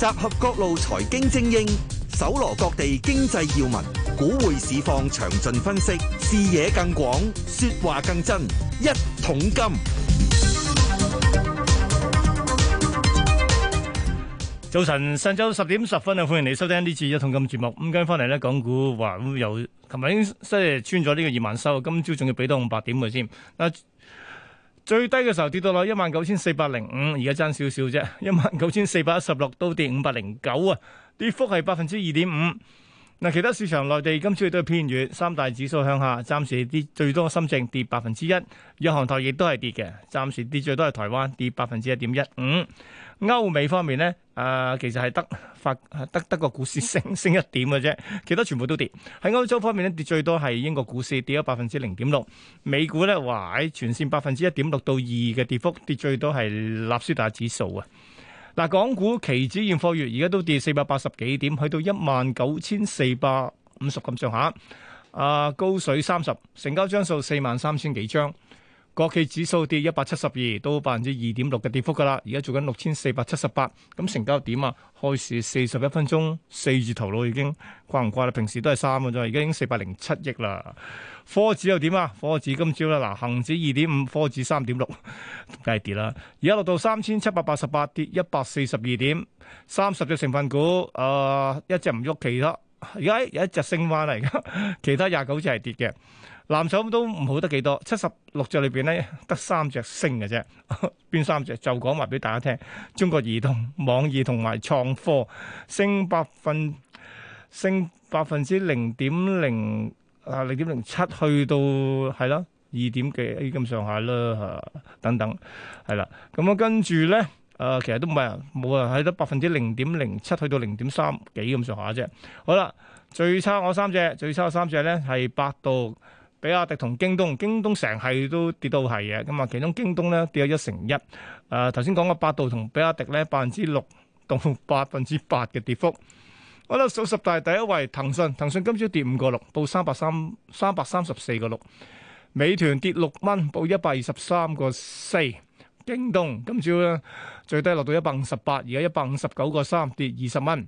集合各路財經精英，搜羅各地經濟要聞，股匯市況詳盡分析，視野更廣，說話更真。一桶金，早晨，上晝十點十分啊！歡迎你收聽呢次一桶金節目。咁今日翻嚟咧，講股話咁有，琴日已經即係穿咗呢個二萬收，今朝仲要俾到五百點佢先。嗱。最低嘅時候跌到落一萬九千四百零五，而家爭少少啫，一萬九千四百一十六，都跌五百零九啊，跌幅係百分之二點五。嗱，其他市場內地今次都係偏軟，三大指數向下，暫時，時跌最多，深證跌百分之一，日韓台亦都係跌嘅，暫時跌最多係台灣跌百分之一點一五。歐美方面咧，啊、呃，其實係得發得德國股市升升一點嘅啫，其他全部都跌。喺歐洲方面咧，跌最多係英國股市跌咗百分之零點六，美股咧，哇，喺全綫百分之一點六到二嘅跌幅，跌最多係納斯達指數啊。嗱，港股期指現貨月而家都跌四百八十幾點，去到一萬九千四百五十咁上下。啊，高水三十，成交張數四萬三千幾張。國企指數跌一百七十二，到百分之二點六嘅跌幅噶啦，而家做緊六千四百七十八，咁成交點啊？開市四十一分鐘四字頭咯，已經掛唔掛啦？平時都係三嘅咋，而家已經四百零七億啦。科指又點啊？科指今朝咧，嗱，恒指二點五，科指三點六，梗係跌啦。而家落到三千七百八十八，跌一百四十二點，三十隻成分股，誒、呃，一隻唔喐，其他而家有一隻升翻嚟㗎，其他廿九隻係跌嘅。藍籌都唔好得幾多，七十六隻裏邊咧得三隻升嘅啫，邊三隻？就講話俾大家聽，中國移動、網易同埋創科升百分升百分之零點零啊零點零七去到係啦二點幾咁上下啦吓等等係啦，咁樣跟住咧誒其實都唔係冇人喺得百分之零點零七去到零點三幾咁上下啫。好啦，最差我三隻，最差三隻咧係百度。比亞迪同京東，京東成係都跌到係嘅，咁啊，其中京東咧跌咗一成一，誒頭先講嘅百度同比亞迪咧百分之六到百分之八嘅跌幅。好啦，數十大第一位騰訊，騰訊今朝跌五個六，報三百三三百三十四個六。美團跌六蚊，報一百二十三個四。京東今朝咧最低落到一百五十八，而家一百五十九個三，跌二十蚊。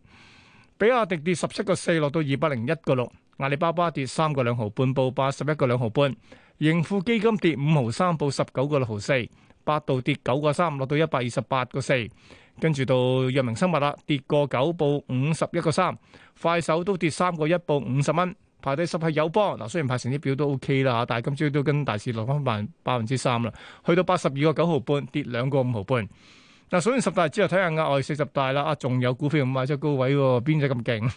比亞迪跌十七個四，落到二百零一個六。阿里巴巴跌三個兩毫半，報八十一個兩毫半；盈富基金跌五毫三，報十九個六毫四；百度跌九個三，落到一百二十八個四。跟住到藥明生物啦，跌個九，報五十一個三；快手都跌三個一，報五十蚊。排第十係友邦，嗱，雖然排成績表都 OK 啦，但係今朝都跟大市落翻萬百分之三啦，去到八十二個九毫半，跌兩個五毫半。嗱，所以十大之後睇下額外四十大啦，啊，仲有股票賣出高位喎，邊隻咁勁？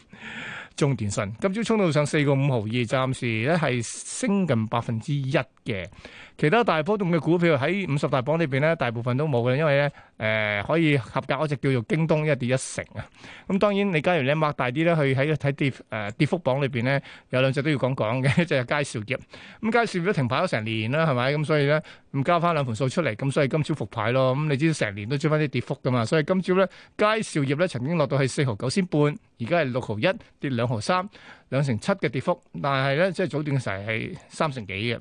中電信今朝衝到上四個五毫二，暫時咧係升近百分之一嘅。其他大波動嘅股票喺五十大榜裏邊咧，大部分都冇嘅，因為咧誒可以合格嗰隻叫做京東，一跌一成啊。咁當然你假如你擘大啲咧，去喺度睇跌誒跌幅榜裏邊咧，有兩隻都要講講嘅，就係佳兆業。咁佳兆業都停牌咗成年啦，係咪？咁所以咧，咁交翻兩盤數出嚟，咁所以今朝復牌咯。咁你知成年都追翻啲跌幅噶嘛？所以今朝咧，佳兆業咧曾經落到係四毫九仙半。而家係六毫一跌兩毫三，兩成七嘅跌幅。但係咧，即係早段嘅時候係三成幾嘅。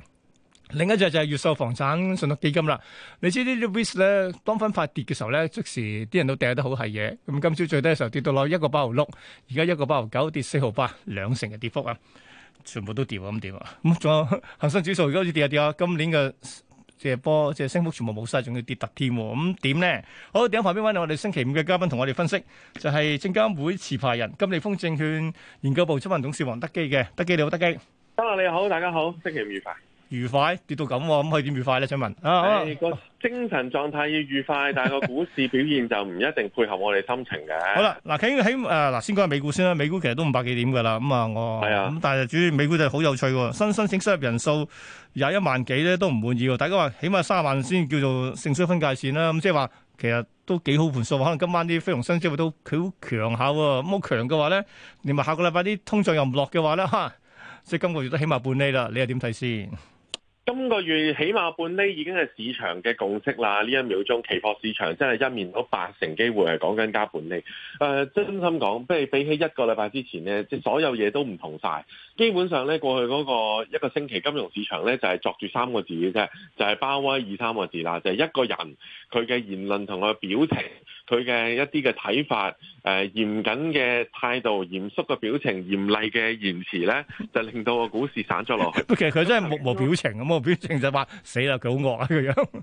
另一隻就係越秀房產信託基金啦。你知呢啲 REITs 咧，當分派跌嘅時候咧，即時啲人都掟得好係嘢。咁今朝最低嘅時候跌到落一個八毫六，而家一個八毫九跌四毫八，兩成嘅跌幅啊！全部都跌咁點啊？咁仲有恒生指數而家好似跌下跌下，今年嘅。借波，借升幅全部冇曬，仲要跌突添，咁點咧？好，喺旁邊揾到我哋星期五嘅嘉賓同我哋分析，就係證監會持牌人金利豐證券研究部執行董事黃德基嘅。德基你好，德基，得啦你好，大家好，星期五愉快。愉快跌到咁，啊，咁可以點愉快咧？請問，能，啊欸啊，個精神狀態要愉快， 但係個股市表現就唔一定配合我哋心情嘅。好啦，嗱，喺喺誒，嗱，先講下美股先啦。美股其實都五百幾點噶啦，咁，嗯，啊，我係啊，咁但係主要美股就係好有趣喎。新申請失業人數廿一萬幾咧，都唔滿意喎。大家話起碼三萬先叫做盛衰分界線啦。咁，嗯，即係話其實都幾好盤數，可能今晚啲非農新業務都佢好強下喎。好強嘅話咧，你咪下個禮拜啲通脹又唔落嘅話咧，吓，即係今個月都起碼半厘啦。你又點睇先？今個月起碼半厘已經係市場嘅共識啦！呢一秒鐘，期貨市場真係一面倒，八成機會係講緊加半厘。誒、呃，真心講，不如比起一個禮拜之前呢，即係所有嘢都唔同晒。基本上呢，過去嗰個一個星期金融市場呢就係、是、作住三個字嘅啫，就係、是、鮑威爾三個字啦，就係、是、一個人佢嘅言論同佢嘅表情。佢嘅一啲嘅睇法，誒、呃、嚴謹嘅態度、嚴肅嘅表情、嚴厲嘅言辭咧，就令到個股市散咗落去。 其實佢真係目無，無表情咁啊，冇表情就話死啦，佢好惡啊佢樣。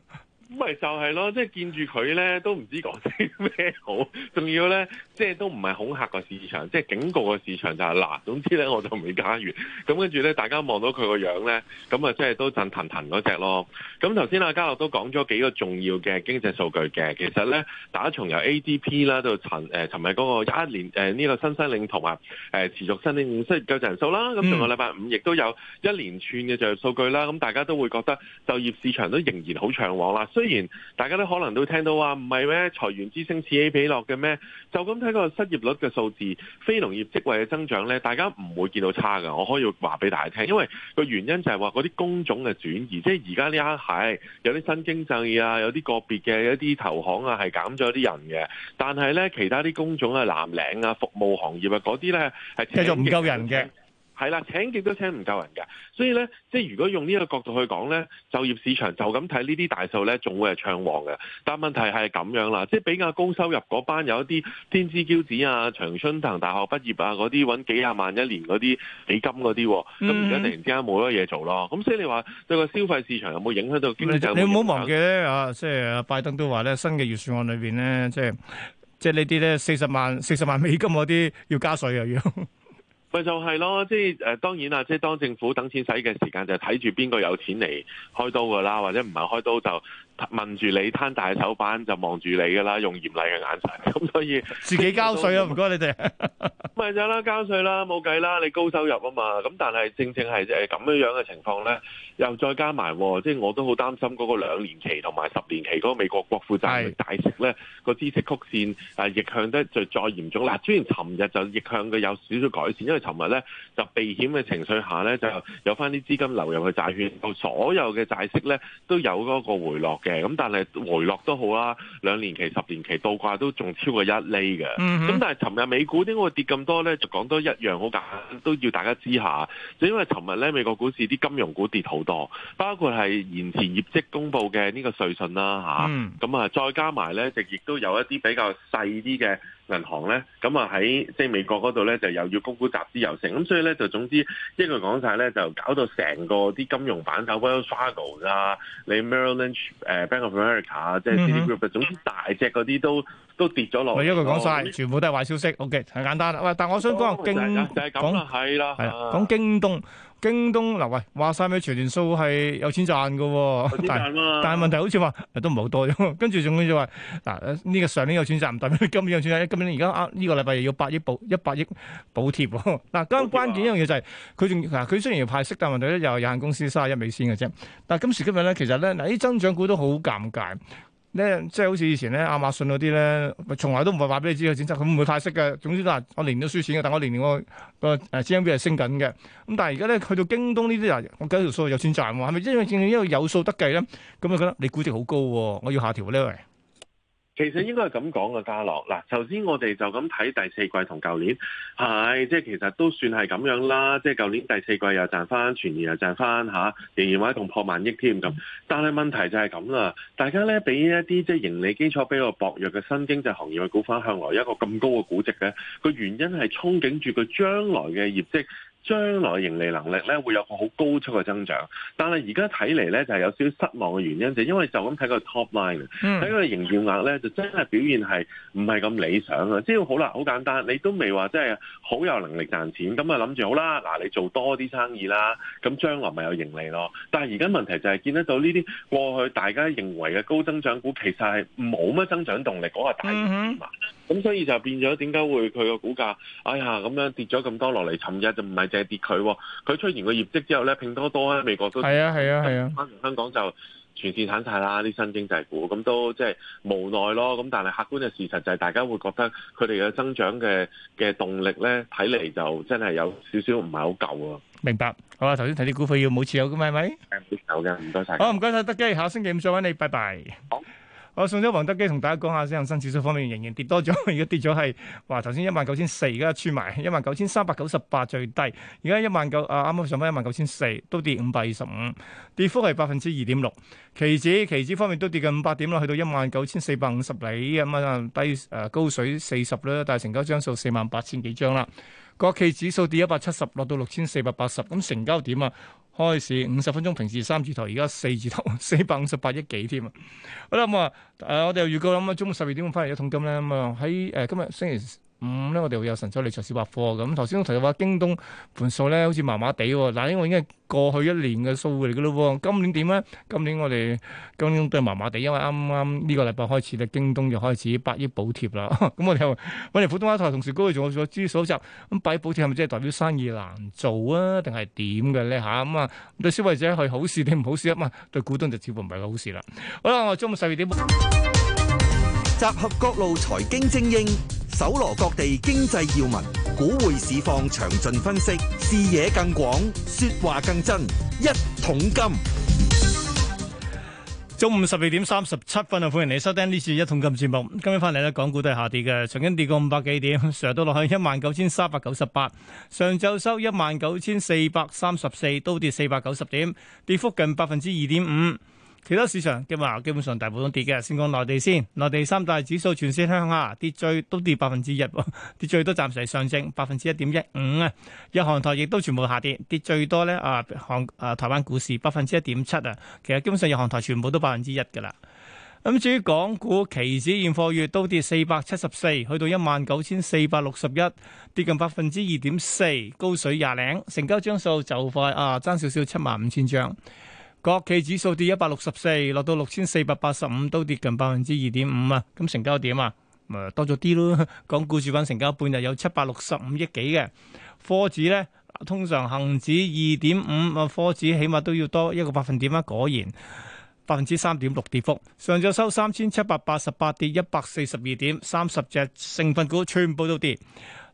咁咪就係咯，即係見住佢咧，都唔知講啲咩好，仲要咧，即係都唔係恐嚇個市場，即係警告個市場就係、是、嗱，總之咧我就唔會加完。咁跟住咧，大家望到佢個樣咧，咁啊，即係都震騰騰嗰隻咯。咁頭先阿嘉樂都講咗幾個重要嘅經濟數據嘅，其實咧，打從由 A D P 啦到尋誒尋日嗰個一年誒呢、呃呢個新西領同埋誒持續新增失業救濟人數啦，咁上個禮拜五亦都有一連串嘅就業數據啦，咁大家都會覺得就業市場都仍然好暢旺啦。雖然大家都可能都聽到話唔係咩裁員之聲此起彼落嘅咩，就咁睇個失業率嘅數字，非農業職位嘅增長咧，大家唔會見到差㗎。我可以話俾大家聽，因為個原因就係話嗰啲工種嘅轉移，即係而家呢一刻係有啲新經濟啊，有啲個別嘅一啲投行啊係減咗啲人嘅，但係咧其他啲工種啊藍領啊服務行業啊嗰啲咧係繼續唔夠人嘅。係啦，請極都請唔夠人嘅，所以咧，即係如果用呢個角度去講咧，就業市場就咁睇呢啲大數咧，仲會係暢旺嘅。但係問題係咁樣啦，即係比較高收入嗰班，有一啲天之驕子啊，長春藤大學畢業啊，嗰啲揾幾廿萬一年嗰啲美金嗰啲，咁而家突然之間冇咗嘢做咯。咁所以你話對個消費市場有冇影響到經濟？你唔好忘記咧，啊，即係啊拜登都話咧，新嘅預算案裏邊咧，即係即係呢啲咧四十萬、四十萬美金嗰啲要加稅又要。咪就係咯，即係誒、呃，當然啦，即係當政府等錢使嘅時間，就睇住邊個有錢嚟開刀噶啦，或者唔係開刀就。問住你攤大手板就望住你噶啦，用嚴厲嘅眼神。咁、嗯、所以自己交稅啊，唔該 你哋。咪 就啦，交稅啦，冇計啦，你高收入啊嘛。咁但係正正係誒咁樣樣嘅情況咧，又再加埋，即係我都好擔心嗰個兩年期同埋十年期嗰個美國國庫債息咧，個孳息曲線啊，逆向得就再嚴重。嗱、啊，雖然尋日就逆向嘅有少少改善，因為尋日咧就避險嘅情緒下咧，就有翻啲資金流入去債券度，所有嘅債息咧都有嗰個回落嘅。咁但係回落都好啦，兩年期、十年期倒掛都仲超過一厘嘅。咁 但係尋日美股點解會跌咁多咧？就講多一樣，好簡單都要大家知下。就因為尋日咧，美國股市啲金融股跌好多，包括係延遲業績公布嘅呢個瑞信啦，吓。咁啊， 嗯、再加埋咧，就亦都有一啲比較細啲嘅。銀行咧，咁啊喺即係美國嗰度咧，就又要高股集資遊成。咁所以咧就總之，一句講晒咧就搞到成個啲金融板塊，Wells Fargo 啊，你 Merrill Lynch 哎 Bank of America，啊，即係 Citigroup 總之大隻嗰啲都都跌咗落去。喂、嗯嗯， 一句講晒，全部都係壞消息。OK，很簡單啦。喂，但係我想講京講係啦，係啦，講京東。京東嗱喂，話晒咩？全年數係有錢賺嘅，賺 但係問題好似話 都唔係好多。跟住仲要就話嗱，呢、啊這個上年有錢賺唔代表今年有錢賺。今年而家啱呢個禮拜又要百億補一百億補貼。嗱、啊，今關鍵一樣嘢就係佢仲嗱，佢雖然要派息，但問題咧又係有限公司三十一美仙嘅啫。但係今時今日咧，其實咧嗱，啲增長股都好尷尬。咧即係好似以前咧，亞馬遜嗰啲咧，從來都唔係話俾你知個戰績，佢唔會太識嘅。總之都係我年年都輸錢嘅，但我年年我個誒 GMV 係升緊嘅。咁但係而家咧去到京東呢啲啊，我計條數有錢賺喎，係咪因為正因為有數得計咧？咁啊覺得你估值好高喎、啊，我要下調咧。其實應該係咁講嘅，家樂嗱，首先我哋就咁睇第四季同舊年，係即係其實都算係咁樣啦，即係舊年第四季又賺翻，全年又賺翻嚇，仍然話同破萬億添咁。但係問題就係咁啦，大家咧俾一啲即係盈利基礎比較薄弱嘅新經濟行業去估翻向來一個咁高嘅估值嘅，個原因係憧憬住佢將來嘅業績。將來盈利能力咧會有個好高速嘅增長，但係而家睇嚟咧就係、係、有少少失望嘅原因，就因為就咁睇個 top line，睇嗰、嗯、個營業額咧就真係表現係唔係咁理想啊！即係好啦，好簡單，你都未話即係好有能力賺錢，咁啊諗住好啦，嗱你做多啲生意啦，咁將來咪有盈利咯。但係而家問題就係見得到呢啲過去大家認為嘅高增長股，其實係冇乜增長動力，嗰、嗰個大市嘛，咁、嗯、哼所以就變咗點解會佢個股價，哎呀咁樣跌咗咁多落嚟，尋日就唔係。即係跌佢，佢出完個業績之後咧，拼多多咧，美國都係啊，係啊，係啊，香港就全線慘晒啦，啲新經濟股咁都即係無奈咯。咁但係客觀嘅事實就係、是，大家會覺得佢哋嘅增長嘅嘅動力咧，睇嚟就真係有少少唔係好夠啊。明白，好啊，頭先睇啲股份要冇持有㗎，咪咪？誒，跌手嘅，唔該晒。好，唔該晒，得嘅，下星期五再揾你，拜拜。我送咗黃德基同大家講下先，生指數方面仍然跌多咗，而家跌咗係話頭先一萬九千四，而家串埋一萬九千三百九十八最低，而家一萬九啊，啱啱上翻一萬九千四，都跌五百二十五，跌幅係百分之二點六。期指期指方面都跌近五百點啦，去到一萬九千四百五十里咁啊低誒、呃、高水四十啦，但係成交張數四萬八千幾張啦。國企指數跌一百七十，落到六千四百八十，咁成交點啊。開市五十分鐘，平時三字頭，而家四字頭，四百五十八億幾添啊！好啦，咁啊，誒，我哋又預告諗啊，中午十二點翻嚟一桶金咧，咁啊，喺、嗯、誒、呃、今日星期。嗯咧，我哋會有神州嚟上小百貨咁。頭先我提到話，京東盤數咧好似麻麻地喎。嗱，因為已經係過去一年嘅數嚟嘅咯。今年點咧？今年我哋今年都係麻麻地，因為啱啱呢個禮拜開始咧，京東就開始百億補貼啦。咁、 嗯、我哋又揾嚟普通話台同時高仲有咗知數集。咁百億補貼係咪即係代表生意難做啊？定係點嘅咧？吓、啊、咁、嗯、啊？對消費者係好事定唔好事啊？嘛？對股東就似乎唔係好事啦。好啦，我哋中午十二點。 集合各路財經精英，搜羅各地經濟要聞，股匯市況詳盡分析，視野更廣，說話更真。一桶金，中午十二點三十七分啊，歡迎你收聽呢次一桶金節目。今日翻嚟咧，港股都係下跌嘅，曾經跌過五百幾點，成日都落去一萬九千三百九十八，上晝收一萬九千四百三十四，都跌四百九十點，跌幅近百分之二點五。其他市場嘅話，基本上大部分跌嘅。先講內地先，內地三大指數全線向下，跌最都跌百分之一， 跌最多暫時係上升百分之一點一五啊。日韓台亦都全部下跌，跌最多咧啊，韓啊台灣股市百分之一點七啊。其實基本上日韓台全部都百分之一噶啦。咁至於港股期指現貨月都跌四百七十四，去到一萬九千四百六十一，跌近百分之二點四，高水廿零，成交張數就快啊，爭少少七萬五千張。國企指數跌一百六十四，落到六千四百八十五，都跌近百分之二點五啊！咁成交點啊？誒，多咗啲咯。港股主板成交半日有七百六十五億幾嘅，科指呢，通常恒指二點五，啊，科指起碼都要多一個百分點啊。果然百分之三點六跌幅，上晝收三千七百八十八，跌一百四十二點，三十隻成分股全部都跌。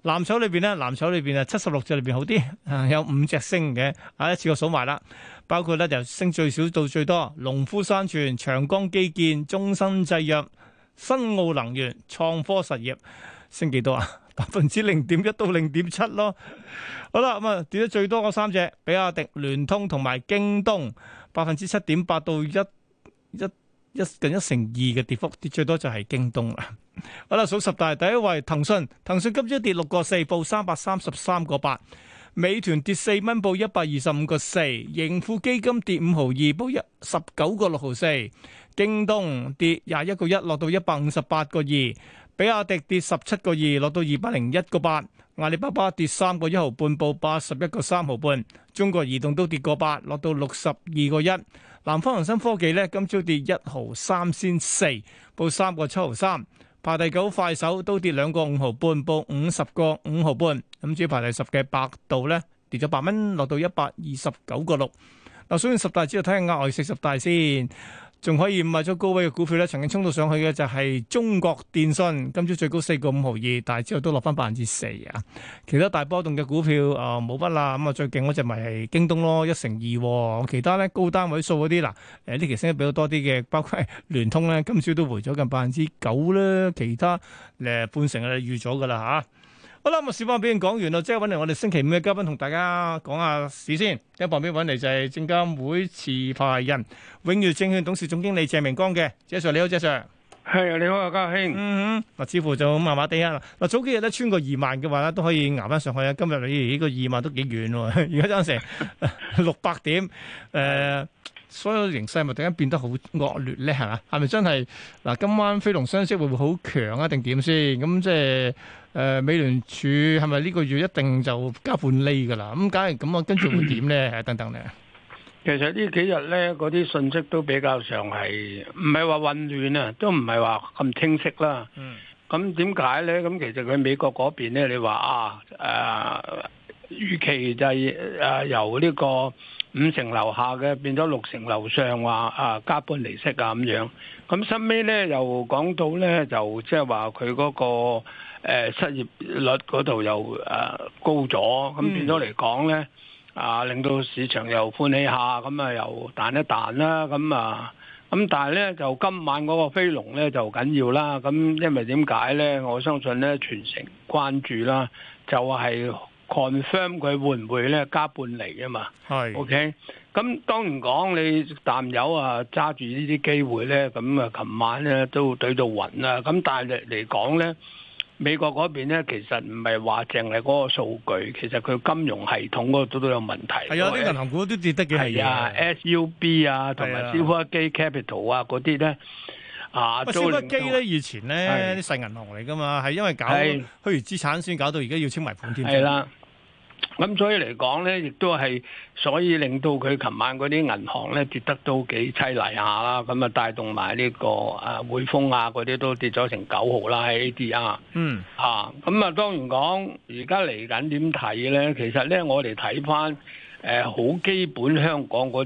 藍籌裏邊呢，藍籌裏邊誒七十六隻裏邊好啲，啊有五隻升嘅，啊一次我數埋啦。包括咧由升最少到最多，農夫山泉、長江基建、中生製藥、新奧能源、創科實業，升幾多啊？百分之零點一到零點七咯。好啦，咁啊跌得最多嗰三隻，比亞迪、聯通同埋京東，百分之七點八到一一一近一成二嘅跌幅，跌最多就係京東啦。好啦，數十大第一位，騰訊，騰訊今朝跌六個四，報三百三十三個八。美團跌四蚊，報一百二十五個四；盈富基金跌五毫二，報一十九個六毫四；京東跌廿一個一，落到一百五十八個二；比亞迪跌十七個二，落到二百零一個八；阿里巴巴跌三個一毫半，報八十一個三毫半；中國移動都跌個八，落到六十二個一；南方恒生科技呢，今朝跌一毫三仙四，報三個七毫三。排第九快手都跌兩個五毫半，報五十個五毫半。咁至於排第十嘅百度呢，跌咗八蚊，落到一百二十九個六。嗱，所以十大主要睇下額外四十大先。仲可以賣咗高位嘅股票咧，曾經衝到上去嘅就係中國電信，今朝最高四個五毫二，但係之後都落翻百分之四啊。其他大波動嘅股票啊，冇乜啦。咁啊，最勁嗰隻咪係京東咯，一成二。其他咧，高單位數嗰啲嗱，誒呢期升得比較多啲嘅，包括聯通咧，今朝都回咗近百分之九啦。其他誒、呃、半成預咗啊，預咗噶啦嚇。好啦，咁小方邊講完啦，即係揾嚟我哋星期五嘅嘉賓同大家講下市先。喺旁邊揾嚟就係證監會持牌人永越證券董事總經理鄭明光嘅。謝 Sir 你好，謝 Sir。係啊，你好啊，家兄。嗯嗯，嗱，似乎就麻麻地啊。嗱，早幾日咧穿過二萬嘅話咧都可以捱翻上去啊。今日你呢個二萬都幾遠喎，而家爭成六百點誒。 呃所有形勢咪突然間變得好惡劣咧，係嘛？係咪真係嗱？今晚非農升息會唔會好強啊？定點先？咁即係誒美聯儲係咪呢個月一定就加半釐㗎啦？咁梗係咁啊，跟住會點咧？係等等咧。其實呢幾日咧，嗰啲信息都比較上係唔係話混亂啊？都唔係話咁清晰啦。嗯。咁點解咧？咁其實佢喺美國嗰邊咧，你話啊誒。預期就係誒由呢個五成樓下嘅變咗六成樓上，話啊加半厘息啊咁樣。咁後尾咧又講到咧，就即係話佢嗰個、呃、失業率嗰度又誒、啊、高咗，咁變咗嚟講咧啊令到市場又歡喜下，咁啊又彈一彈啦，咁啊咁但係咧就今晚嗰個飛龍咧就緊要啦。咁因為點解咧？我相信咧全城關注啦，就係、是。Confirm 佢會唔會咧加半釐啊嘛，係是 OK，咁當然講你淡友啊揸住呢啲機會咧，咁啊，琴晚咧都對到雲啦，咁但係嚟講咧，美國嗰邊咧其實唔係話淨係嗰個數據，其實佢金融系統嗰度都有問題。係啊呀，啲以銀行股都跌得嘅。係啊 s u v 啊同埋 Silvergate Capital 啊嗰啲咧。啊！乜招不機咧？以前咧啲細銀行嚟㗎嘛，係因為搞虛擬是資產先搞到而家要清埋盤添。係啦，咁所以嚟講咧，亦都係所以令到佢琴晚嗰啲銀行咧跌得都幾淒厲下啦。咁啊，帶動埋呢、呢個啊匯豐啊嗰啲都跌咗成九毫啦，ADR。D、A, 嗯。啊，咁啊，當然講而家嚟緊點睇咧？其實咧，我哋睇返誒好基本香港嗰啲誒，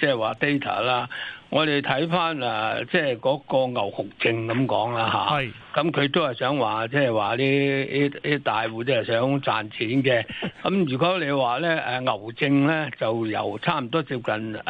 即係話 data 啦。我哋睇翻啊，即係嗰個牛熊證咁講啦嚇，咁佢都係想話，即係話呢啲啲大戶都係想賺錢嘅。咁 如果你話咧，誒牛證咧就由差唔多接近誒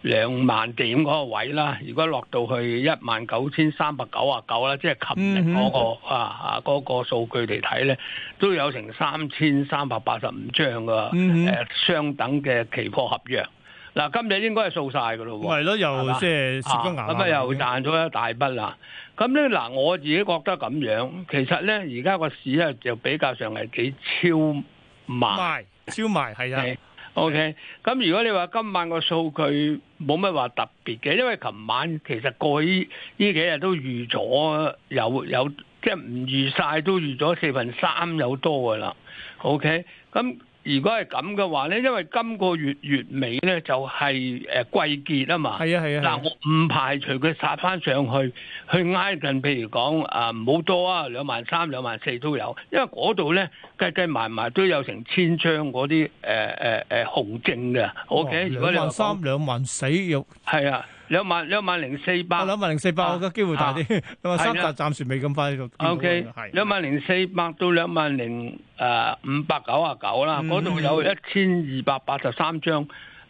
兩萬點嗰個位啦，如果落到去一萬九千三百九啊九啦，即係近零嗰個啊啊嗰個數據嚟睇咧，都有成三千三百八十五張嘅誒相等嘅期貨合約。嗱，今日應該係掃晒㗎咯喎，係咯，又即係蝕咗咁啊、嗯、又賺咗一大筆啦。咁咧嗱，我自己覺得咁樣，其實咧而家個市啊，就比較上係幾超，超賣超賣係啊。O K，咁如果你話今晚個數據冇乜話特別嘅，因為琴晚其實過依呢幾日都預咗有有，即係唔預晒，都預咗四分三有多㗎啦。O K，咁。如果係咁嘅話咧，因為今個月月尾咧就係誒季結啊嘛，係啊係啊。嗱，我唔排除佢殺翻上去，去挨近，譬如講啊，唔好多啊，兩萬三、兩萬四都有，因為嗰度咧計計埋埋都有成千張嗰啲誒誒誒紅證嘅。O K，如果兩萬三、兩萬四又，係啊。兩萬兩萬零四百，兩萬零四百，我覺得機會大啲。係啦，暫時未咁快。O K，係兩萬零四百到兩萬零誒五百九啊九啦，嗰度有一千二百八十三張。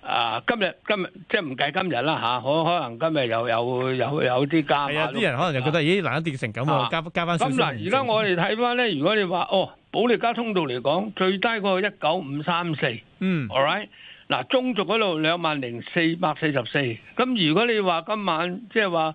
啊，今日今日即係唔計今日啦吓，可可能今日又又又有啲加碼。係啊，啲人可能就覺得咦，難得跌成咁喎，加加翻少少。咁嗱，而家我哋睇翻咧，如果你話哦，保利加通道嚟講，最低個一九五三四。嗯。All right. 嗱，中族嗰度兩萬零四百四十四，咁如果你話今晚即係話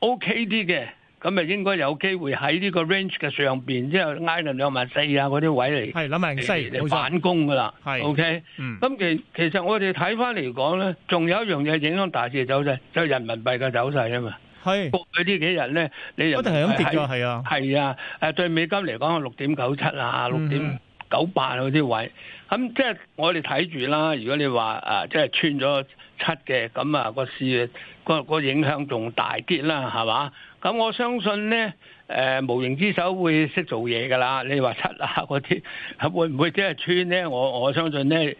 OK 啲嘅，咁咪應該有機會喺呢個 range 嘅上邊，之後挨到兩萬四啊嗰啲位嚟，係兩萬四嚟反攻噶啦。係，OK。咁其其實我哋睇翻嚟講咧，仲有一樣嘢影響大市走勢，就係、是、人民幣嘅走勢啊嘛。係，Sí, 過去呢幾日咧，你又係咁跌咗，係 displays, 是啊，係啊。誒，對美金嚟講、嗯，六點九七啊，六點九八嗰啲位。咁即係我哋睇住啦。如果你話誒，即係穿咗七嘅，咁啊個市個個影響仲大啲啦，係嘛？咁我相信咧，誒無形之手會識做嘢噶啦。你話七啊嗰啲，會唔會即係穿咧？我我相信咧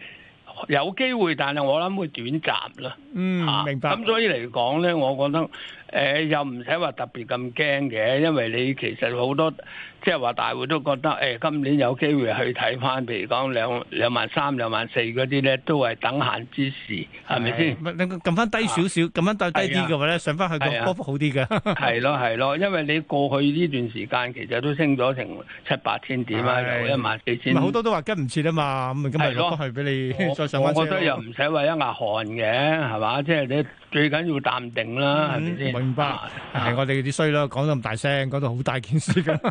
有機會，但係我諗會短暫咯。嗯，明白。咁所以嚟講咧，我覺得。誒又唔使話特別咁驚嘅，因為你其實好多即係話大會都覺得誒今年有機會去睇翻，譬如講兩兩萬三、兩萬四嗰啲咧，都係等閒之事，係咪先？咪你撳翻低少少，撳翻低低啲嘅話咧，上翻去個波幅好啲嘅。係咯係咯，因為你過去呢段時間其實都升咗成七八千點啦，有一萬四千。咪好多都話跟唔切啊嘛，咁咪今日落翻去俾你再上翻升咯。我覺得又唔使話一額汗嘅，係嘛？即係你。最緊要淡定啦，係、嗯、先明白，係、啊、是我哋啲衰咯，講到咁大聲，講到好大件事噶。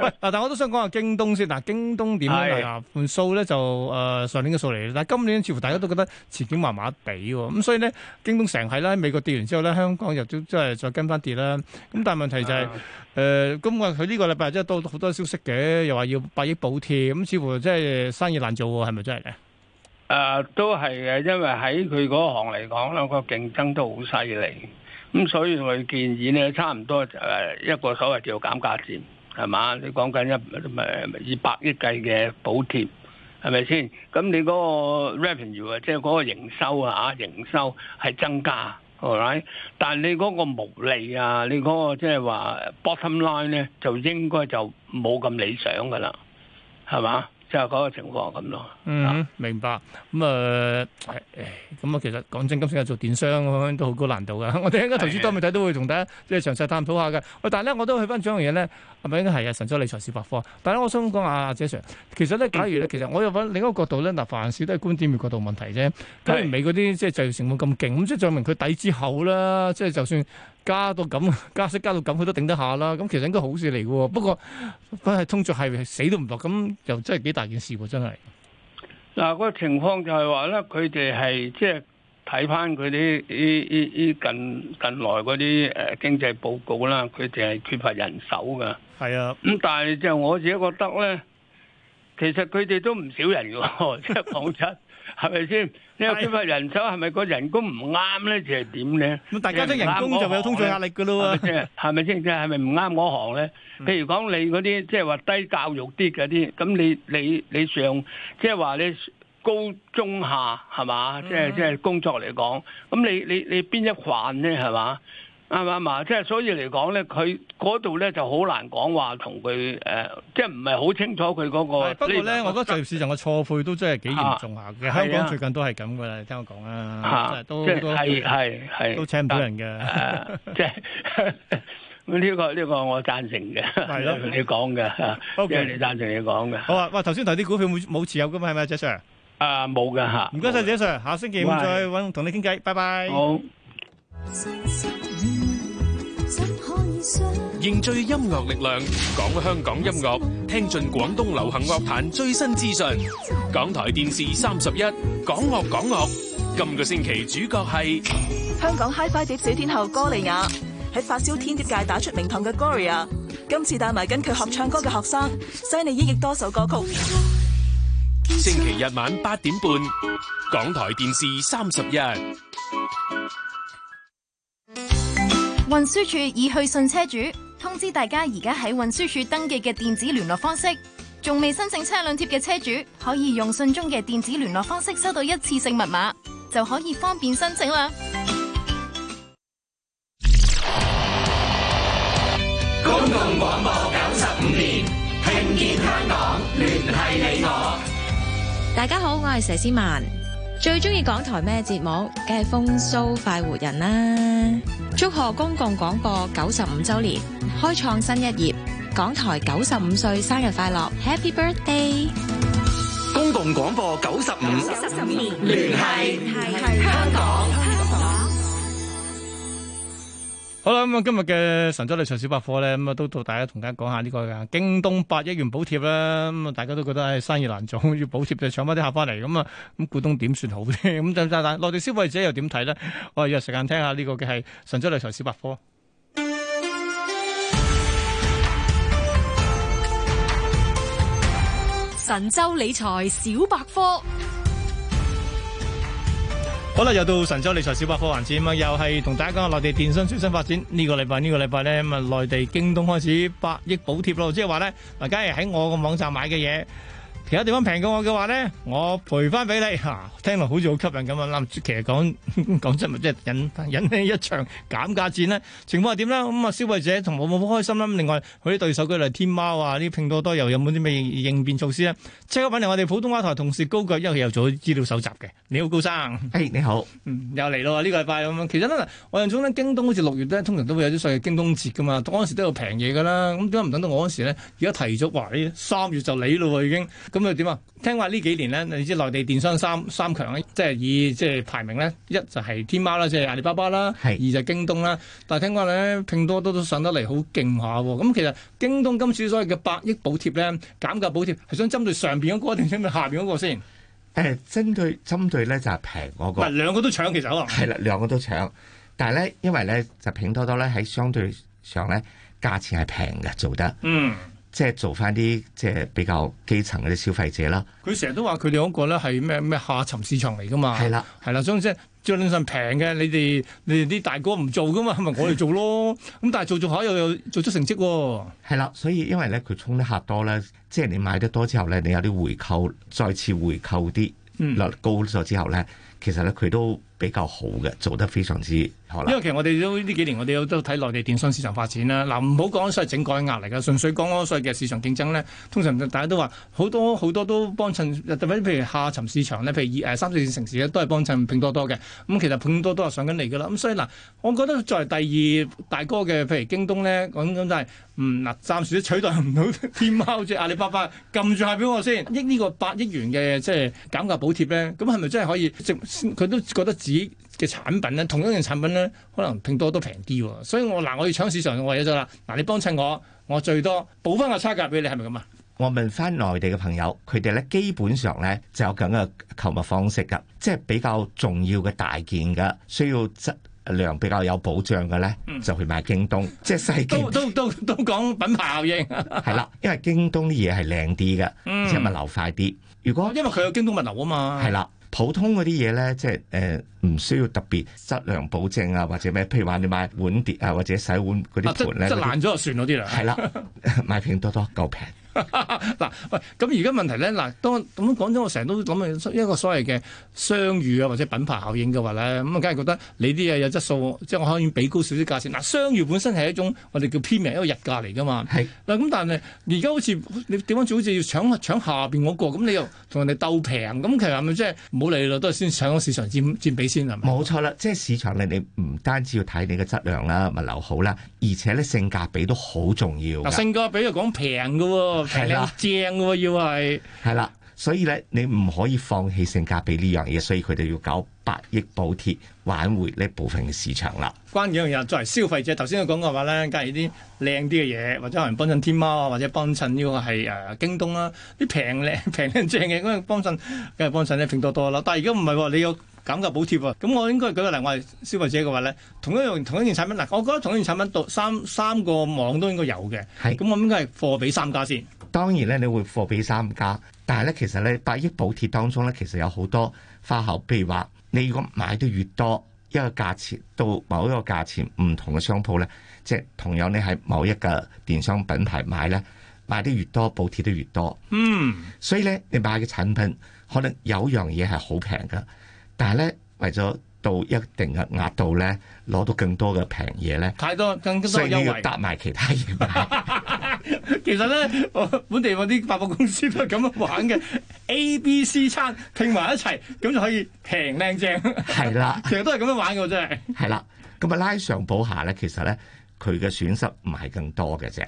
喂，嗱，但我都想講下京東先。嗱，京東點咧？換數咧就誒、呃、上年嘅數嚟，但係今年似乎大家都覺得前景麻麻地喎。咁所以咧，京東成係啦，美國跌完之後咧，香港入咗即係再跟翻跌啦。咁但係問題就係、是、誒，今日佢呢個禮拜即係多好多消息嘅，又話要百億補貼，咁似乎即係生意難做，係咪真係咧？誒、呃，都係嘅，因為喺佢嗰行嚟講咧，嗰個競爭都好犀利，咁所以佢建議咧，差唔多誒一個所謂叫減價戰，係嘛？你講緊一誒以百億計嘅補貼，係咪先？咁你嗰個 revenue 啊，即係嗰個營收啊，營收係增加，係咪？但係你嗰個毛利啊，你嗰個即係話 bottom line 咧，就應該就冇咁理想噶啦，係嘛？嗯就嗰個情況咁咯、嗯啊。嗯，明、呃、白。咁啊，咁、嗯、啊，其實講真，今次做電商咁樣都好高難度嘅。的我哋喺個投資多媒體，都會同大家即係詳細探討下嘅。喂，但係咧，我都去翻一樣嘢咧，係咪應該係啊？神州理財是百科？但係我想講下阿 Jason，其實咧，假如咧，其實我又揾另一個角度咧，嗱，凡事都係觀點與角度問題啫。的假如美係啲即係製造成本咁勁，咁即係證明佢底子厚啦。即係就算，加到咁加息加到咁，佢都頂得下啦。咁其實應該好事嚟嘅，不過佢係通脹係死都唔落，咁又真係幾大件事，真係。嗱個情況就係話咧，佢哋係即係睇翻佢啲依依依近近來嗰啲誒經濟報告啦，佢哋係缺乏人手噶係啊，咁但係就我自己覺得咧，其實佢哋都唔少人嘅，即係講真。係咪先？你話缺乏人手，係咪個人工唔啱咧？定係點咧？咁大家即係人工就有通脹壓力噶咯喎？係咪先？即係係咪唔啱嗰行咧？譬如講你嗰啲即係話低教育啲嘅啲，咁你你你,你上即係話你高中下係嘛？即係即係工作嚟講，咁你你你邊一款咧係嘛？啱唔啱嘛？即係所以嚟講咧，佢嗰度咧就好難講話同佢，誒，即係唔係好清楚佢嗰個。不過咧，我覺得就業市場嘅錯配都真係幾嚴重下嘅。香港最近都係咁噶啦，你聽我講啊，都都係係係都請唔到人嘅。即係呢個呢個我贊成嘅。係咯，你講嘅，即係你贊成你講嘅。好啊，哇！頭先頭啲股票冇冇持有噶嘛？係咪啊 Jeffrey 啊，冇噶吓。唔該晒 Jeffrey，下星期再搵同你傾偈。拜拜。好。凝聚音樂力量，講香港音樂，聽盡廣東流行樂壇最新資訊。港台電視三十一，港樂港樂。今個星期主角係香港 high five 碟小天后 Gloria，喺發燒天碟界打出名堂嘅 Gloria，今次帶埋跟佢合唱歌嘅學生 Shiny，演繹多首歌曲。星期日晚八點半，港台電視三十一。運輸署已去信車主，通知大家而家喺運輸署登記嘅電子聯絡方式，仲未申請車輛貼嘅車主，可以用信中嘅電子聯絡方式收到一次性密碼，就可以方便申請啦。公共廣播九十五年，聽見香港，聯繫你我。大家好，我係佘詩曼。最中意港台咩節目？梗係《風騷快活人》啦！祝賀公共廣播九十五周年，開創新一頁。港台九十五歲生日快樂，Happy Birthday！公共廣播九十五年，聯繫香港。香港好啦，咁啊今日嘅神州理財小百科咧，咁啊都到大家同大家講下呢個嘅京東八億元補貼啦，咁啊大家都覺得誒生意難做，要補貼就搶翻啲客翻嚟，咁啊咁股東點算好咧？咁但係內地消費者又點睇咧？我哋有時間聽下呢個嘅係神州理財小百科，神州理財小百科。好啦，又到神州理財小百貨環節，咁啊又係同大家講下內地電商最新發展。呢個禮拜呢個禮拜咧，咁啊內地京東開始百億補貼咯，即係話咧，嗱，假如喺我個網站買嘅嘢。其他地方平過我嘅話呢，我賠翻俾你。吓、啊，聽落好似好吸引咁啊！諗住其實講講真，咪即係引引起一場減價戰咧。情況係點呢？咁、嗯、啊，消費者同我冇冇開心啦。另外，佢啲對手，舉例天貓啊，啲拼多多，又有冇啲咩應變措施咧？即刻揾嚟我哋普通話台同事高舉，因為又做資料搜集嘅。你好，高生。Hey，你好。嗯、又嚟咯喎，呢、這個禮拜咁樣。其實呢，我印象中咧，京東好似六月咧，通常都會有啲所謂京東節噶嘛。當時都有平嘢噶啦。咁點解唔等到我嗰時呢？而家提早話三月就嚟咯、啊啊，已經。咁又點啊？聽話呢幾年咧，你知內地電商三三強咧，即係以即係排名咧，一就係天貓啦，即係阿里巴巴啦，係二就係京東啦。但係聽話咧，拼多多都上得嚟好勁下喎。咁其實京東今次所謂嘅百億補貼咧，減價補貼係想針對上邊嗰個定針對下邊嗰個先？誒，針對針對咧就係平嗰個。唔係兩個都搶其實喎。係啦，兩個都搶，但係咧，因為咧就拼多多咧喺相對上咧價錢係平嘅，做得嗯。即係做翻啲即係比較基層嗰啲消費者啦。佢成日都話佢哋嗰個咧係咩咩下沉市場嚟噶嘛？係啦的，係啦，所以即係將心平嘅你哋，你哋啲大哥唔做噶嘛，咪、就是、我哋做咯。咁 但係做著做下又又做出成績喎。係啦，所以因為咧佢沖得客多咧，即係你買得多之後咧，你有啲回扣，再次回扣啲率、嗯、高咗之後咧，其實咧佢都。比較好嘅，做得非常之好啦。因為其實我哋都呢幾年，我哋都睇內地電商市場發展啦。嗱，唔好講所謂整改壓力嘅，純粹講所謂嘅市場競爭咧，通常大家都話好多好多都幫襯，特別譬如下沉市場咧，譬如三四線城市咧，都係幫襯拼多多嘅。咁其實拼多多係上緊嚟嘅啦。咁所以嗱，我覺得作為第二大哥嘅，譬如京東咧，咁咁就係、是、嗯嗱，暫時取代唔到天貓即係阿里巴巴。撳 住、啊、下邊我先，益、這、呢個八億元嘅即係減價補貼咧，咁係咪真係可以？佢都覺得。自己嘅產品咧，同一樣產品咧，可能拼多多都平啲，所以我嗱，我要搶市場，我話咗啦，嗱，你幫襯我，我最多補翻個差價俾你，係咪咁啊？我問翻內地嘅朋友，佢哋咧基本上咧就有咁嘅購物方式噶，即係比較重要嘅大件嘅，需要質量比較有保障嘅咧，就去買京東，嗯、即係細件。都都都都講品牌效應，係 啦，因為京東啲嘢係靚啲嘅，而且物流快啲。如果因為佢有京東物流啊嘛，係啦。普通嗰啲嘢咧，即係誒唔需要特別質量保證啊，或者咩？譬如話你買碗碟啊，或者洗碗嗰啲盤咧、啊，即係些爛咗就算嗰啲啦。係 啦，買拼多多夠平。嗱喂，咁而家問題咧，嗱，當咁講咗，我成日都諗啊，一個所謂嘅商譽啊，或者品牌效應嘅話咧，咁啊，梗係覺得你啲嘢有質素，即係我可以俾高少少價錢。嗱，商譽本身係一種我哋叫偏名，一個日價嚟噶嘛。係嗱是，咁但係而家好似你點樣好似要搶搶下邊嗰個，咁你又同人哋鬥平，咁其實係咪即係唔好理咯，都係先搶個市場佔佔比先係冇錯啦，即係市場你唔單止要睇你嘅質量啦、物流好啦，而且咧性價比都好重要。性價比又講平㗎喎。係啦，正嘅的要係是，係啦，所以咧你唔可以放棄性價比呢樣嘢，所以佢哋要搞百億補貼挽回呢部分嘅市場啦。關鍵一樣嘢，作為消費者，頭先佢講過話咧，介意啲靚啲嘅嘢，或者可能幫襯天貓啊，或者幫襯呢個係誒京東啦，啲平靚平靚正嘅，咁樣幫襯梗係幫襯咧拼多多啦。但係如果唔係喎，你有。減價補貼喎，咁我應該舉個例，我係消費者嘅話咧，同一樣同一件產品，嗱，我覺得同一件產品到三三個網都應該有嘅，咁是我應該係貨比三家先。當然咧，你會貨比三家，但係咧其實咧，百億補貼當中咧，其實有好多花巧，譬如話你如果買得越多，一個價錢到某一個價錢，唔同嘅商鋪咧，即係同樣你喺某一個電商品牌買咧，買得越多補貼得越多。嗯，所以咧你買嘅產品可能有樣嘢係好平㗎。但係咧，為咗到一定嘅額度咧，攞到更多嘅平嘢咧，太多更多優惠搭埋其他嘢 其實咧，本地嗰啲百貨公司都係咁玩嘅 ，A、B、C 餐拼埋一齊，咁就可以平靚正。係啦的， 其實都係咁樣玩嘅真係。係啦，咁啊拉上補下咧，其實咧。佢嘅損失唔係更多嘅啫。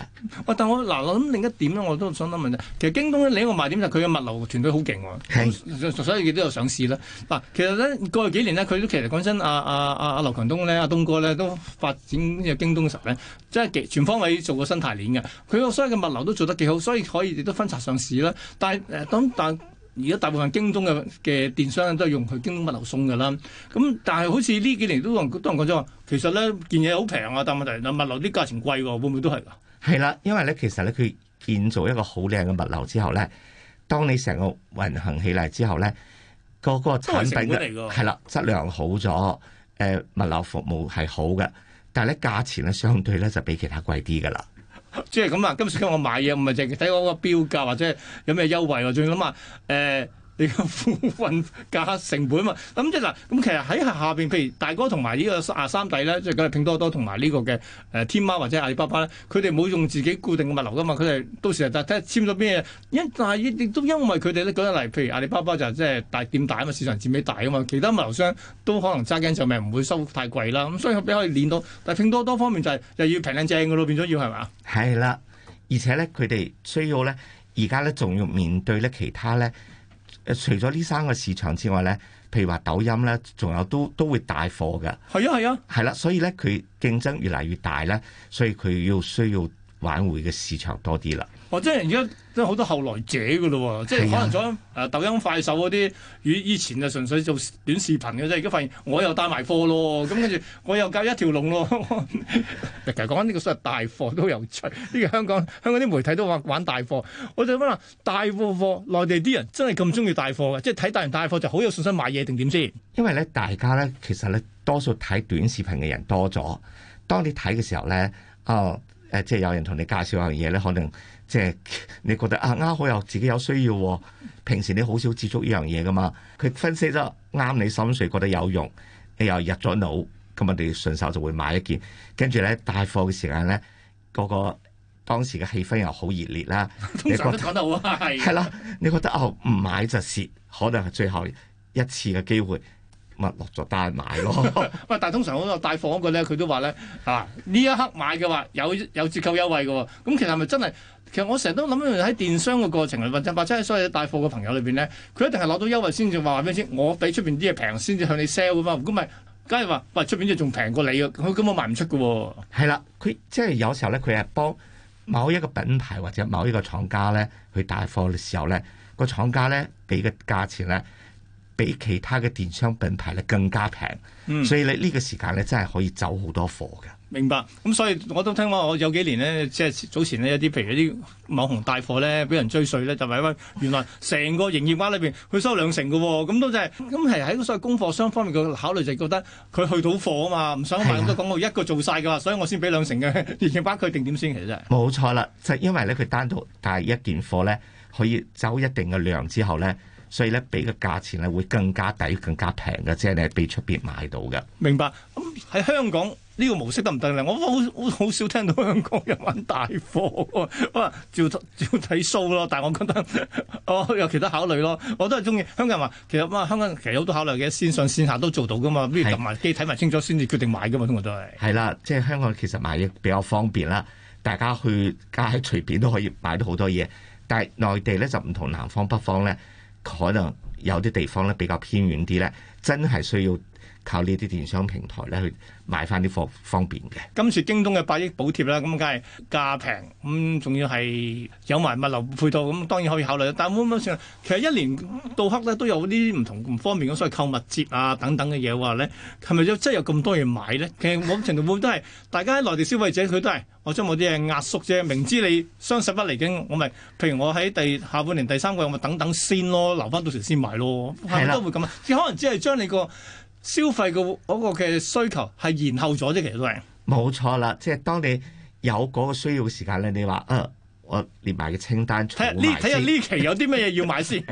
哇、啊！但我嗱諗、啊、另一點咧，我都想問問啫。其實京東咧，另一個賣點就係佢嘅物流團隊好勁喎。是所以亦都有上市啦。嗱、啊，其實咧，過去幾年呢，佢都其實講真，阿阿阿阿劉強東咧，阿、啊、東哥咧都發展呢個京東時候呢，即係幾全方位做個生態鏈嘅。佢個所有嘅物流都做得幾好，所以可以亦都分拆上市啦。但係誒，咁、呃、但而家大部分京東嘅嘅電商都係用佢京東物流送㗎啦，咁但係好似呢幾年都同多人講咗，其實咧件嘢好平啊，但問題就物流啲價錢貴喎、啊，會唔會都係、啊？係啦，因為咧其實咧佢建造一個好靚嘅物流之後咧，當你成個運行起嚟之後咧，個個產品嘅係啦，質量好咗，誒物流服務係好嘅，但係咧價錢咧相對咧就比其他貴啲㗎啦。即係咁啊，今次我買嘢唔係淨睇嗰個標價，或者有咩優惠喎？仲要諗下誒。欸你個貨運價成本啊嘛，咁即嗱，咁其實喺下下邊，譬如大哥同埋呢個阿三弟咧，即係講拼多多同埋呢個嘅誒天貓或者阿里巴巴咧，佢哋冇用自己固定嘅物流噶嘛，佢哋到時就睇簽咗咩，因但係亦都因為佢哋咧，講得嚟，譬如阿里巴巴就即係大店大啊嘛，市場佔比大啊嘛，其他物流商都可能揸緊就咪唔會收太貴啦，咁所以佢俾可以練到，但係拼多多方面就係又要平靚正嘅咯，變咗要係嘛？係啦，而且咧佢哋需要咧，而家咧仲要面對咧其他咧。除咗呢三個市場之外咧，譬如話抖音咧，仲有都都會帶貨嘅，係啊係啊，係啦、啊，所以呢，佢競爭越嚟越大咧，所以佢要需要挽回嘅市場多啲啦。哦，即係而家即係好多後來者噶咯喎，啊、即係可能咗誒抖音、快手嗰啲與以前就純粹做短視頻嘅，啫。而家發現我又帶埋貨咯，咁跟住我又教一條龍咯。其實講緊呢個所謂大貨都有趣。呢、呢個香港香港啲媒體都話玩，玩大貨。我就乜啊大貨貨，內地啲人真係咁中意大貨嘅，即係睇大唔大貨就好有信心買嘢定點先？因為咧，大家咧其實咧多數睇短視頻嘅人多咗，當你睇嘅時候咧，哦、呃、誒，即係有人同你介紹下嘢咧，可能。即係你覺得啊啱好又自己有需要喎，平時你好少接觸呢樣嘢噶嘛，佢分析得啱你心水，覺得有用，你又入咗腦，咁我哋順手就會買一件，跟住咧帶貨嘅時間咧，嗰個個當時嘅氣氛又好熱烈啦，你覺得講得好係，係啦，你覺得哦唔買就蝕，可能係最後一次嘅機會。咪落咗單買咯。喂，但係通常我個帶貨嗰個咧，佢都話咧，啊呢一刻買嘅話有有折扣優惠嘅喎、哦。咁其實係咪真係？其實我成日都諗喺電商嘅過程裏，或者或者所有帶貨嘅朋友裏邊咧，佢一定係攞到優惠先至話俾你先？我比出邊啲嘢平先至向你 sell 㗎嘛。咁咪梗係話，喂出邊仲平過你啊？佢根本賣唔出嘅喎、哦。係啦，佢即係有時候咧，佢係幫某一個品牌或者某一個廠家咧去帶貨嘅時候咧，個廠家咧俾嘅價錢咧。比其他嘅電商品牌咧更加平，嗯、所以咧呢個時間咧真係可以走好多貨嘅。明白，咁所以我都聽話，我有幾年咧，即、就、係、是、早前一一些些呢，有啲譬如啲網紅帶貨咧，俾人追稅咧，就係、是、因原來成個營業額裏邊佢收兩成嘅喎、哦，咁都真係咁係喺所謂供貨商方面嘅考慮就係覺得佢去到貨啊嘛，唔想買咁多廣告，啊、一個做晒嘅話，所以我先俾兩成嘅，營業額，佢定點先嚟啫。冇錯啦，就因為咧佢單獨帶一件貨咧，可以走一定嘅量之後咧。所以咧，俾個價錢咧會更加抵、更加平嘅，即係你係俾出邊買到嘅。明白，咁喺、嗯、香港呢、呢個模式得唔得咧？我好好，好，好少聽到香港人揾大貨喎，我話照照睇數咯。但係我覺得我、哦、有其他考慮咯。我都係中意香港人話其實啊，香港人其實好多考慮嘅，線上線下都做到噶嘛。是不如撳埋機睇埋清楚先至決定買噶嘛，通常都係係啦。即係香港其實買嘢比較方便啦，大家去街隨便都可以買到好多嘢。但係內地咧就唔同，南方北方咧。可能有啲地方咧比較偏遠啲咧，真係需要。靠呢啲電商平台咧去買翻啲貨方便嘅。今次京東嘅百億補貼啦，咁梗係價平，咁、嗯、仲要係有埋物流配套，咁當然可以考慮。但會唔會算啊，其實一年到黑咧都有啲唔同方面嘅，所謂購物節啊等等嘅嘢話咧，係咪真係有咁多嘢買咧？其實某程度上都係大家喺內地消費者，佢都係我將某啲嘢壓縮啫。明知你雙十一嚟緊，我咪譬如我喺第下半年第三季，我咪等等先咯，留翻到時先買咯，係咪都會咁。佢可能只係將你個。消費嘅個嘅需求係延後咗啫，其實都係冇錯啦。即係當你有嗰個需要嘅時間咧，你話，誒、啊，我列埋個清單，睇下呢，睇下呢期有啲咩嘢要買先，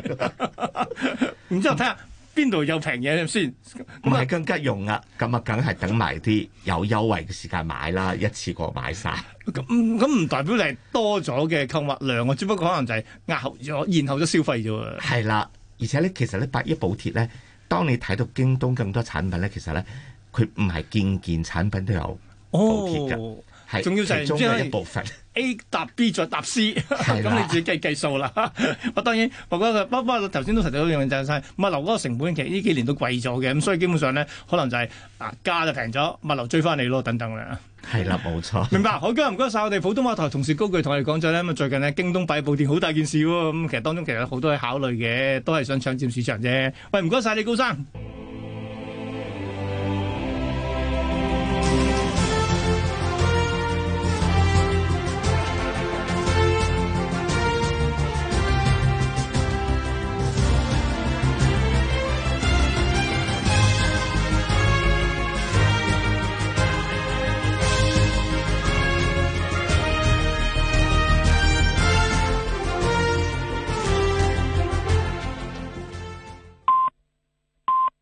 然之後睇下邊度有平嘢先。唔係更加用啊，咁啊，梗係等埋啲有優惠嘅時間買啦，一次過買晒。咁，咁唔代表你係多咗嘅購物量啊，只不過可能就係壓後咗，延後咗消費啫喎。係啦、嗯，而且咧，其實咧，百億補貼咧。當你睇到京東咁多產品呢，其實呢，佢唔係件件產品都有補貼㗎。Oh. 仲是要就一部分 A 搭 B 再搭 C，咁你自己計計數啦。我 吧 當然，我覺得包括包括，頭先都提到一樣就係物流嗰個成本，其實呢幾年都貴咗嘅。咁所以基本上呢，可能就係、是、啊，價就平咗，物流追翻你咯，等等啦。係啦，冇錯。明白。好，唔該晒我哋普通話台同事高巨同我哋講咗呢。咁啊，最近呢，京東擺布店好大件事喎。咁其實當中其實好多嘢考慮嘅，都係想搶佔市場啫。喂，唔該晒你高生。